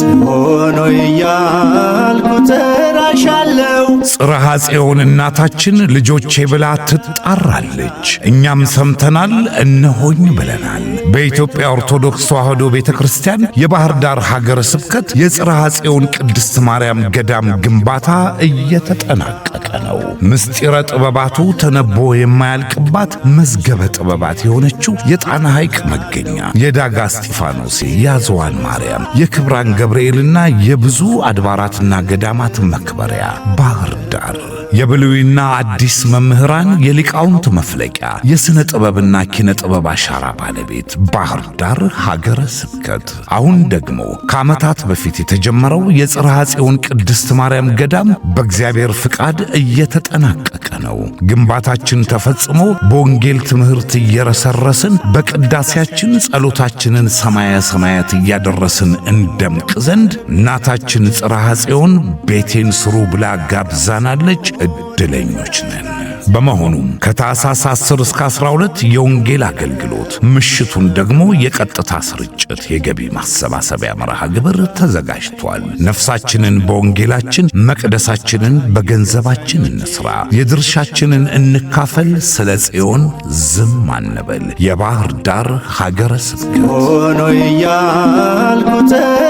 ጽዮን ሆይ እያልኩ እጠራሻለሁ። ጽርሐ ጽዮን እናታችን ልጆቼ ብላ ትጣራለች። እኛም ሰምተናል እነሆኝ ብለናል። በኢትዮጵያ ኦርቶዶክስ ተዋሕዶ ቤተ ክርስቲያን የባሕር ዳር ሀገረ ስብከት የጽርሐ ጽዮን ቅድስት ማርያም ገዳም ግንባታ እየተጠናቀቀ ነው። ምስጢረ ጥበባቱ ተነቦ የማያልቅባት መዝገበ ጥበባት የሆነችው የጣና ሐይቅ መገኛ የዳጋ እስጢፋኖሴ፣ የአዝዋን ማርያም፣ የክብራን ገብርኤልና የብዙ አድባራትና ገዳማት መክበሪያ ባህር ዳር የብሉይና አዲስ መምህራን የሊቃውንት መፍለቂያ የሥነ ጥበብና ኪነ ጥበብ አሻራ ባለቤት ባህር ዳር ሀገረ ስብከት። አሁን ደግሞ ከዓመታት በፊት የተጀመረው የጽርሐ ጽዮን ቅድስት ማርያም ገዳም በእግዚአብሔር ፍቃድ እየተጠ የተጠናቀቀ ነው። ግንባታችን ተፈጽሞ በወንጌል ትምህርት እየረሰረስን በቅዳሴያችን ጸሎታችንን ሰማያ ሰማያት እያደረስን እንደምቅ ዘንድ እናታችን ጽርሐ ጽዮን ቤቴን ስሩ ብላ ጋብዛናለች። እድለኞች ነን። በመሆኑም ከታኅሳስ 10 እስከ 12 የወንጌል አገልግሎት፣ ምሽቱን ደግሞ የቀጥታ ስርጭት የገቢ ማሰባሰቢያ መርሃ ግብር ተዘጋጅቷል። ነፍሳችንን በወንጌላችን መቅደሳችንን በገንዘባችን እንስራ። እንስራ፣ የድርሻችንን እንካፈል፣ ስለ ጽዮን ዝም አንበል። የባህር ዳር ሀገረ ስብከት ሆኖ እያልኩት